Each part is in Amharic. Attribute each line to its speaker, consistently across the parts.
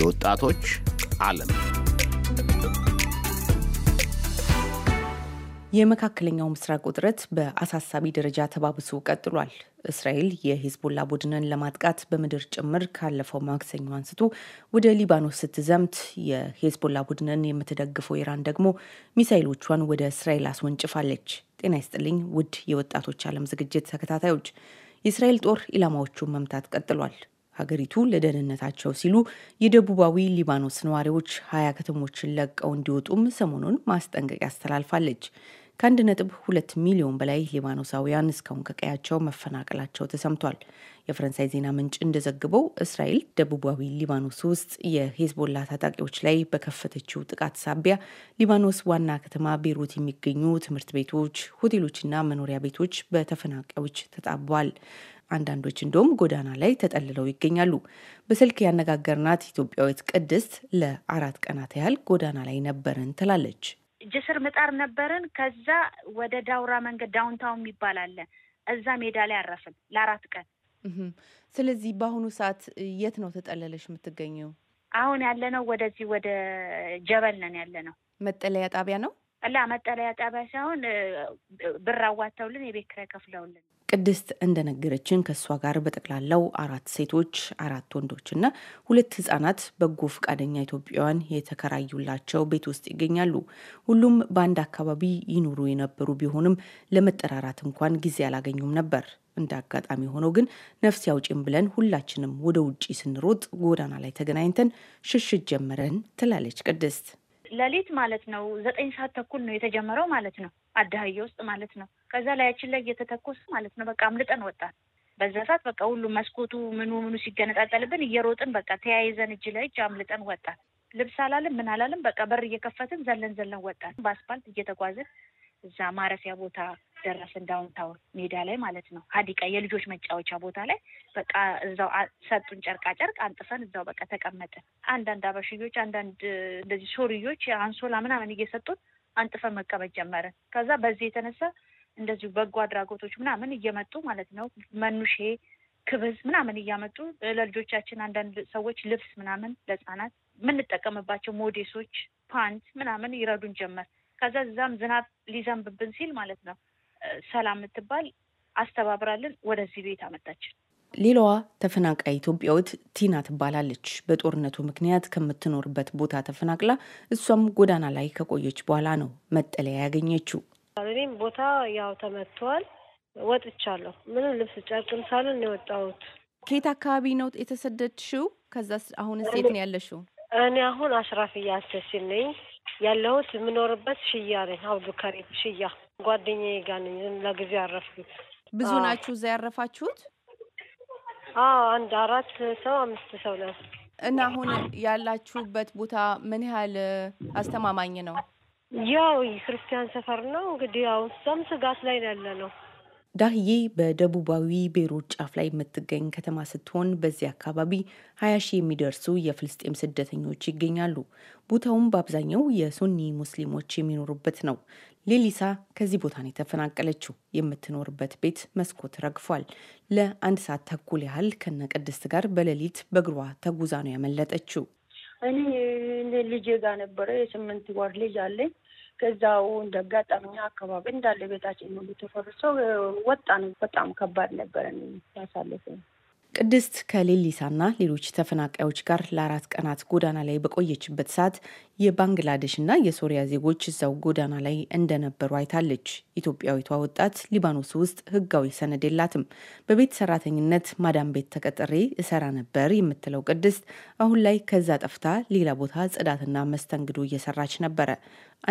Speaker 1: የወጣቶች ዓለም የመካከለኛው ምስራቅ ውጥረት በአሳሳቢ ደረጃ ተባብሶ ቀጥሏል። እስራኤል የሂዝቦላ ቡድንን ለማጥቃት በምድር ጭምር ካለፈው ማክሰኞ አንስቶ ወደ ሊባኖስ ስትዘምት የሂዝቦላ ቡድንን የምትደግፈው ኢራን ደግሞ ሚሳይሎቿን ወደ እስራኤል አስወንጭፋለች። ጤና ይስጥልኝ ውድ የወጣቶች ዓለም ዝግጅት ተከታታዮች፣ የእስራኤል ጦር ኢላማዎቹን መምታት ቀጥሏል። ሀገሪቱ ለደህንነታቸው ሲሉ የደቡባዊ ሊባኖስ ነዋሪዎች ሀያ ከተሞችን ለቀው እንዲወጡም ሰሞኑን ማስጠንቀቂያ አስተላልፋለች። ከአንድ ነጥብ ሁለት ሚሊዮን በላይ ሊባኖሳውያን እስካሁን ከቀያቸው መፈናቀላቸው ተሰምቷል። የፈረንሳይ ዜና ምንጭ እንደዘግበው እስራኤል ደቡባዊ ሊባኖስ ውስጥ የሄዝቦላ ታጣቂዎች ላይ በከፈተችው ጥቃት ሳቢያ ሊባኖስ ዋና ከተማ ቤይሩት የሚገኙ ትምህርት ቤቶች፣ ሆቴሎችና መኖሪያ ቤቶች በተፈናቃዮች ተጣቧል። አንዳንዶች እንደውም ጎዳና ላይ ተጠልለው ይገኛሉ። በስልክ ያነጋገርናት ኢትዮጵያዊት ቅድስት ለአራት ቀናት ያህል ጎዳና ላይ ነበርን ትላለች።
Speaker 2: ጅስር ምጣር ነበርን። ከዛ ወደ ዳውራ መንገድ ዳውንታውን የሚባል አለ። እዛ ሜዳ ላይ አረፍን ለአራት ቀን።
Speaker 1: ስለዚህ በአሁኑ ሰዓት የት ነው ተጠለለሽ የምትገኘው?
Speaker 2: አሁን ያለነው ወደዚህ ወደ ጀበል ነን ያለነው።
Speaker 1: መጠለያ ጣቢያ ነው
Speaker 2: ላ መጠለያ ጣቢያ ሳይሆን ብር አዋተውልን የቤት ክራይ ከፍለውልን
Speaker 1: ቅድስት እንደነገረችን ከእሷ ጋር በጠቅላላው አራት ሴቶች፣ አራት ወንዶችና ሁለት ህጻናት በጎ ፈቃደኛ ኢትዮጵያውያን የተከራዩላቸው ቤት ውስጥ ይገኛሉ። ሁሉም በአንድ አካባቢ ይኖሩ የነበሩ ቢሆንም ለመጠራራት እንኳን ጊዜ አላገኙም ነበር። እንደ አጋጣሚ ሆኖ ግን ነፍስ ያውጪን ብለን ሁላችንም ወደ ውጪ ስንሮጥ ጎዳና ላይ ተገናኝተን ሽሽት ጀመረን ትላለች ቅድስት።
Speaker 2: ሌሊት ማለት ነው ዘጠኝ ሰዓት ተኩል ነው የተጀመረው ማለት ነው አደህየ ውስጥ ማለት ነው። ከዛ ላያችን ላይ እየተተኮስ ማለት ነው በቃ አምልጠን ወጣን። በዛ ሰዓት በቃ ሁሉ መስኮቱ ምኑ ምኑ ሲገነጣጠልብን እየሮጥን በቃ ተያይዘን እጅ ለእጅ አምልጠን ወጣን። ልብስ አላለም ምን አላለም በቃ በር እየከፈትን ዘለን ዘለን ወጣን። በአስፋልት እየተጓዝን እዛ ማረፊያ ቦታ ደረስን። ዳውንታውን ሜዳ ላይ ማለት ነው። ሀዲቃ የልጆች መጫወቻ ቦታ ላይ በቃ እዛው ሰጡን ጨርቃ ጨርቅ አንጥፈን እዛው በቃ ተቀመጥን። አንዳንድ አበሽዮች፣ አንዳንድ እንደዚህ ሶርዮች አንሶላ ምናምን እየሰጡን አንጥፈን መቀመጥ ጀመርን። ከዛ በዚህ የተነሳ እንደዚሁ በጎ አድራጎቶች ምናምን እየመጡ ማለት ነው መኑሼ ክብዝ ምናምን እያመጡ ለልጆቻችን አንዳንድ ሰዎች ልብስ ምናምን ለህፃናት የምንጠቀምባቸው ሞዴሶች ፓንት ምናምን ይረዱን ጀመር። ከዛ እዛም ዝናብ ሊዘንብብን ሲል ማለት ነው ሰላም የምትባል አስተባብራልን ወደዚህ ቤት አመጣችን።
Speaker 1: ሌላዋ ተፈናቃይ ኢትዮጵያዊት ቲና ትባላለች። በጦርነቱ ምክንያት ከምትኖርበት ቦታ ተፈናቅላ እሷም ጎዳና ላይ ከቆየች በኋላ ነው መጠለያ ያገኘችው።
Speaker 3: እኔም ቦታ ያው ተመትቷል፣ ወጥቻለሁ። ምንም ልብስ ጨርቅም ሳልሆን ነው የወጣሁት።
Speaker 1: ከየት አካባቢ ነው የተሰደድሽው? ከዛ አሁን ሴት ነው ያለሽው?
Speaker 3: እኔ አሁን አሽራፍ እያሰሲን ነኝ ያለሁት የምኖርበት ሽያ ነኝ። አብዱ ከሪም ሽያ ጓደኛዬ ጋር ነኝ። ለጊዜው ያረፍኩት
Speaker 1: ብዙ ናችሁ እዛ ያረፋችሁት? አዎ አንድ አራት ሰው አምስት ሰው ነው። እና አሁን ያላችሁበት ቦታ ምን ያህል አስተማማኝ ነው? ያው ክርስቲያን ሰፈር ነው እንግዲህ ያው እዛም ስጋት ላይ ያለ ነው ዳህዬ በደቡባዊ ቤይሩት ጫፍ ላይ የምትገኝ ከተማ ስትሆን በዚህ አካባቢ 20 ሺህ የሚደርሱ የፍልስጤም ስደተኞች ይገኛሉ። ቦታውም በአብዛኛው የሱኒ ሙስሊሞች የሚኖሩበት ነው። ሌሊሳ ከዚህ ቦታ ነው የተፈናቀለችው። የምትኖርበት ቤት መስኮት ረግፏል። ለአንድ ሰዓት ተኩል ያህል ከነ ቅድስት ጋር በሌሊት በእግሯ ተጉዛ ነው ያመለጠችው።
Speaker 3: እኔ
Speaker 2: ልጄ ጋር ነበረ። የስምንት ወር ልጅ አለኝ ከዛው እንደ አጋጣሚ አካባቢ እንዳለ ቤታችን ሁሉ ተፈርሶ ወጣን። በጣም ከባድ ነበረን
Speaker 3: ያሳለፍን።
Speaker 1: ቅድስት ከሌሊሳና ሌሎች ተፈናቃዮች ጋር ለአራት ቀናት ጎዳና ላይ በቆየችበት ሰዓት የባንግላዴሽና የሶሪያ ዜጎች እዛው ጎዳና ላይ እንደነበሩ አይታለች። ኢትዮጵያዊቷ ወጣት ሊባኖስ ውስጥ ሕጋዊ ሰነድ የላትም። በቤት ሰራተኝነት ማዳም ቤት ተቀጥሬ እሰራ ነበር የምትለው ቅድስት አሁን ላይ ከዛ ጠፍታ ሌላ ቦታ ጽዳትና መስተንግዶ እየሰራች ነበረ።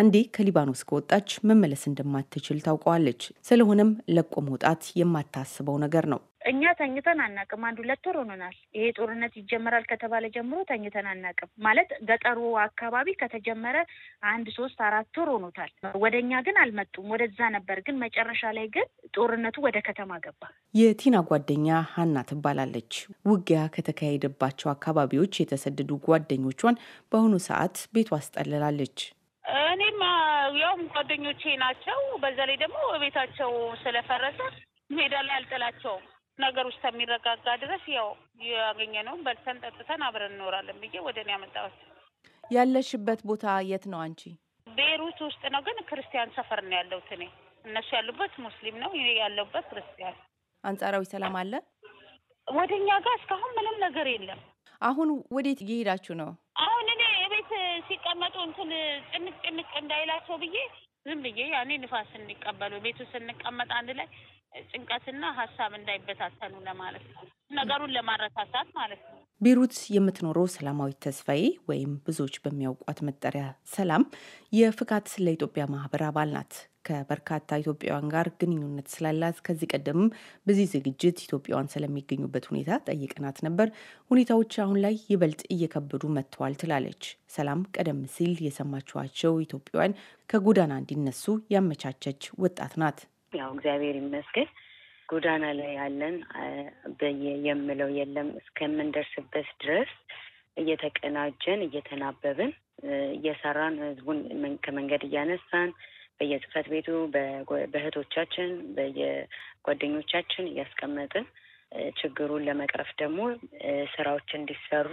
Speaker 1: አንዴ ከሊባኖስ ከወጣች መመለስ እንደማትችል ታውቀዋለች። ስለሆነም ለቆ መውጣት የማታስበው ነገር ነው።
Speaker 2: እኛ ተኝተን አናቅም። አንድ ሁለት ወር ሆኖናል። ይሄ ጦርነት ይጀመራል ከተባለ ጀምሮ ተኝተን አናቅም። ማለት ገጠሩ አካባቢ ከተጀመረ አንድ ሶስት አራት ወር ሆኖታል። ወደ እኛ ግን አልመጡም። ወደዛ ነበር ግን መጨረሻ ላይ ግን ጦርነቱ ወደ ከተማ ገባ።
Speaker 1: የቲና ጓደኛ ሀና ትባላለች። ውጊያ ከተካሄደባቸው አካባቢዎች የተሰደዱ ጓደኞቿን በአሁኑ ሰዓት ቤቷ አስጠልላለች።
Speaker 2: እኔም ያውም ጓደኞቼ ናቸው። በዛ ላይ ደግሞ ቤታቸው ስለፈረሰ ሜዳ ላይ አልጥላቸውም ነገር ውስጥ እስከሚረጋጋ ድረስ ያው ያገኘነውን በልተን ጠጥተን አብረን እንኖራለን ብዬ ወደ እኔ ያመጣሁት።
Speaker 1: ያለሽበት ቦታ የት ነው አንቺ?
Speaker 2: ቤይሩት ውስጥ ነው፣ ግን ክርስቲያን ሰፈር ነው ያለሁት እኔ። እነሱ ያሉበት ሙስሊም ነው፣ ያለውበት ያለሁበት ክርስቲያን።
Speaker 1: አንጻራዊ ሰላም አለ። ወደ
Speaker 2: እኛ ጋር እስካሁን ምንም ነገር የለም።
Speaker 1: አሁን ወዴት እየሄዳችሁ ነው?
Speaker 2: አሁን እኔ የቤት ሲቀመጡ እንትን ጭንቅ ጭንቅ እንዳይላቸው ብዬ ዝም ብዬ ያኔ ንፋስ እንቀበሉ ቤቱ ስንቀመጥ አንድ ላይ ጭንቀትና ሀሳብ እንዳይበታተኑ ለማለት ነው። ነገሩን ለማረሳሳት ማለት ነው።
Speaker 1: ቤሩት የምትኖረው ሰላማዊት ተስፋዬ ወይም ብዙዎች በሚያውቋት መጠሪያ ሰላም የፍካት ለኢትዮጵያ ማህበር አባል ናት። ከበርካታ ኢትዮጵያውያን ጋር ግንኙነት ስላላት ከዚህ ቀደምም በዚህ ዝግጅት ኢትዮጵያውያን ስለሚገኙበት ሁኔታ ጠይቀናት ነበር። ሁኔታዎች አሁን ላይ ይበልጥ እየከበዱ መጥተዋል ትላለች። ሰላም ቀደም ሲል የሰማችኋቸው ኢትዮጵያውያን ከጎዳና እንዲነሱ ያመቻቸች ወጣት ናት።
Speaker 3: ያው እግዚአብሔር ይመስገን ጎዳና ላይ ያለን በየ የምለው የለም እስከምንደርስበት ድረስ እየተቀናጀን እየተናበብን እየሰራን ህዝቡን ከመንገድ እያነሳን በየጽህፈት ቤቱ በእህቶቻችን በየጓደኞቻችን እያስቀመጥን ችግሩን ለመቅረፍ ደግሞ ስራዎች እንዲሰሩ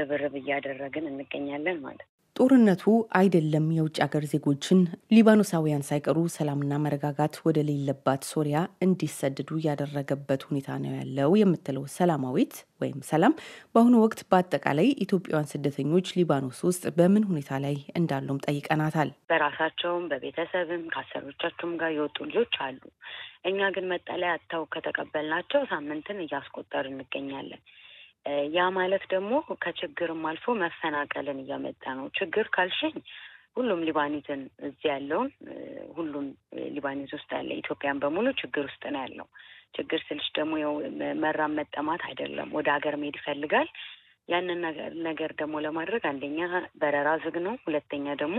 Speaker 3: ርብርብ እያደረግን እንገኛለን ማለት ነው።
Speaker 1: ጦርነቱ አይደለም የውጭ ሀገር ዜጎችን ሊባኖሳውያን ሳይቀሩ ሰላምና መረጋጋት ወደ ሌለባት ሶሪያ እንዲሰደዱ ያደረገበት ሁኔታ ነው ያለው የምትለው ሰላማዊት ወይም ሰላም በአሁኑ ወቅት በአጠቃላይ ኢትዮጵያውያን ስደተኞች ሊባኖስ ውስጥ በምን ሁኔታ ላይ እንዳሉም ጠይቀናታል።
Speaker 3: በራሳቸውም በቤተሰብም ከአሰሮቻቸውም ጋር የወጡ ልጆች አሉ። እኛ ግን መጠለያ አጥተው ከተቀበልናቸው ሳምንትን እያስቆጠር እንገኛለን። ያ ማለት ደግሞ ከችግርም አልፎ መፈናቀልን እያመጣ ነው። ችግር ካልሽኝ ሁሉም ሊባኒዝን እዚህ ያለውን ሁሉም ሊባኒዝ ውስጥ ያለ ኢትዮጵያን በሙሉ ችግር ውስጥ ነው ያለው። ችግር ስልሽ ደግሞ ያው መራም መጠማት አይደለም፣ ወደ ሀገር መሄድ ይፈልጋል። ያንን ነገር ደግሞ ለማድረግ አንደኛ በረራ ዝግ ነው፣ ሁለተኛ ደግሞ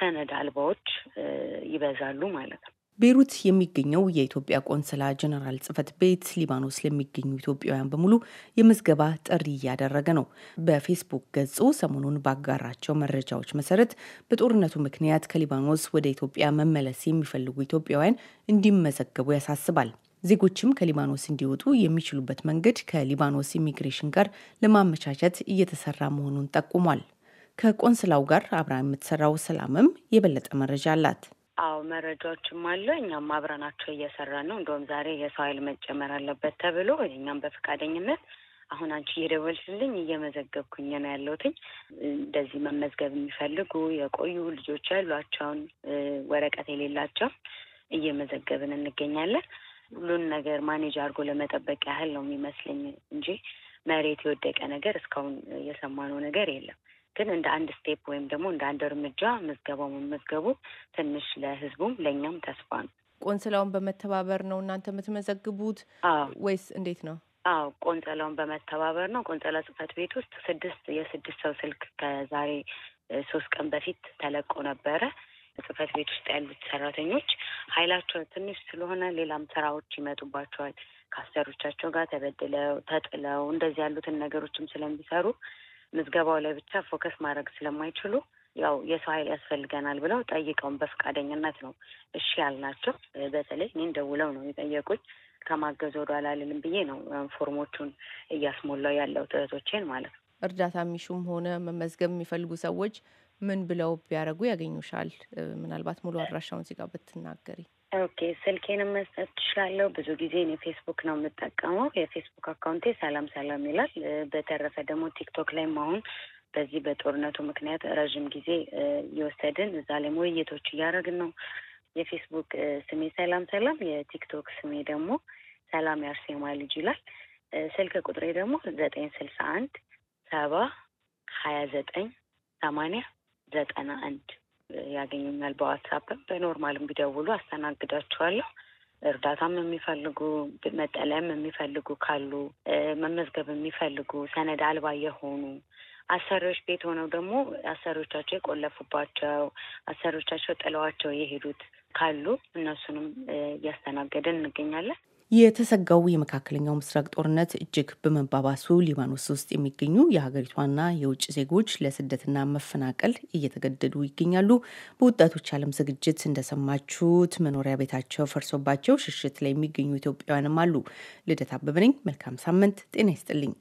Speaker 3: ሰነድ አልባዎች ይበዛሉ ማለት ነው።
Speaker 1: ቤይሩት የሚገኘው የኢትዮጵያ ቆንስላ ጀኔራል ጽህፈት ቤት ሊባኖስ ለሚገኙ ኢትዮጵያውያን በሙሉ የምዝገባ ጥሪ እያደረገ ነው። በፌስቡክ ገጹ ሰሞኑን ባጋራቸው መረጃዎች መሰረት በጦርነቱ ምክንያት ከሊባኖስ ወደ ኢትዮጵያ መመለስ የሚፈልጉ ኢትዮጵያውያን እንዲመዘገቡ ያሳስባል። ዜጎችም ከሊባኖስ እንዲወጡ የሚችሉበት መንገድ ከሊባኖስ ኢሚግሬሽን ጋር ለማመቻቸት እየተሰራ መሆኑን ጠቁሟል። ከቆንስላው ጋር አብራ የምትሰራው ሰላምም የበለጠ መረጃ አላት።
Speaker 3: አዎ መረጃዎችም አለ። እኛም አብረናቸው እየሰራን ነው። እንደውም ዛሬ የሰው ኃይል መጨመር አለበት ተብሎ እኛም በፈቃደኝነት አሁን አንቺ እየደወልሽልኝ እየመዘገብኩኝ ነው ያለሁትኝ። እንደዚህ መመዝገብ የሚፈልጉ የቆዩ ልጆች ያሏቸውን ወረቀት የሌላቸው እየመዘገብን እንገኛለን። ሁሉን ነገር ማኔጅ አድርጎ ለመጠበቅ ያህል ነው የሚመስለኝ እንጂ መሬት የወደቀ ነገር እስካሁን የሰማነው ነገር የለም። ግን እንደ አንድ ስቴፕ ወይም ደግሞ እንደ አንድ እርምጃ መዝገባ መመዝገቡ ትንሽ ለህዝቡም ለእኛም ተስፋ ነው።
Speaker 1: ቆንስላውን በመተባበር ነው እናንተ የምትመዘግቡት ወይስ እንዴት ነው?
Speaker 3: አዎ ቆንጸላውን በመተባበር ነው። ቆንጸላ ጽህፈት ቤት ውስጥ ስድስት የስድስት ሰው ስልክ ከዛሬ ሶስት ቀን በፊት ተለቆ ነበረ። ጽህፈት ቤት ውስጥ ያሉት ሰራተኞች ኃይላቸው ትንሽ ስለሆነ ሌላም ስራዎች ይመጡባቸዋል። ከአሰሮቻቸው ጋር ተበድለው ተጥለው እንደዚህ ያሉትን ነገሮችም ስለሚሰሩ ምዝገባው ላይ ብቻ ፎከስ ማድረግ ስለማይችሉ ያው የሰው ኃይል ያስፈልገናል ብለው ጠይቀውን በፈቃደኝነት ነው እሺ ያልናቸው። በተለይ እኔን ደውለው ነው የጠየቁኝ። ከማገዝ ወደኋላ አልልም ብዬ ነው ፎርሞቹን እያስሞላው ያለው እህቶቼን ማለት ነው።
Speaker 1: እርዳታ የሚሹም ሆነ መመዝገብ የሚፈልጉ ሰዎች ምን ብለው ቢያደርጉ ያገኙሻል? ምናልባት ሙሉ አድራሻውን እዚህ ጋር ብትናገሪ
Speaker 3: ኦኬ ስልኬንም መስጠት ትችላለሁ። ብዙ ጊዜ እኔ ፌስቡክ ነው የምጠቀመው። የፌስቡክ አካውንቴ ሰላም ሰላም ይላል። በተረፈ ደግሞ ቲክቶክ ላይም አሁን በዚህ በጦርነቱ ምክንያት ረዥም ጊዜ እየወሰድን እዛ ላይም ውይይቶች እያደረግን ነው። የፌስቡክ ስሜ ሰላም ሰላም፣ የቲክቶክ ስሜ ደግሞ ሰላም ያርሴማ ልጅ ይላል። ስልክ ቁጥሬ ደግሞ ዘጠኝ ስልሳ አንድ ሰባ ሀያ ዘጠኝ ሰማንያ ዘጠና አንድ ያገኙኛል። በዋትሳፕም በኖርማልም ቢደውሉ አስተናግዳቸዋለሁ። እርዳታም የሚፈልጉ መጠለያም የሚፈልጉ ካሉ መመዝገብ የሚፈልጉ ሰነድ አልባ የሆኑ አሰሪዎች ቤት ሆነው ደግሞ አሰሪዎቻቸው የቆለፉባቸው አሰሪዎቻቸው ጥለዋቸው የሄዱት ካሉ እነሱንም እያስተናገድን እንገኛለን።
Speaker 1: የተሰጋው የመካከለኛው ምስራቅ ጦርነት እጅግ በመባባሱ ሊባኖስ ውስጥ የሚገኙ የሀገሪቷና የውጭ ዜጎች ለስደትና መፈናቀል እየተገደዱ ይገኛሉ። በወጣቶች ዓለም ዝግጅት እንደሰማችሁት መኖሪያ ቤታቸው ፈርሶባቸው ሽሽት ላይ የሚገኙ ኢትዮጵያውያንም አሉ። ልደት አበበ ነኝ። መልካም ሳምንት። ጤና ይስጥልኝ።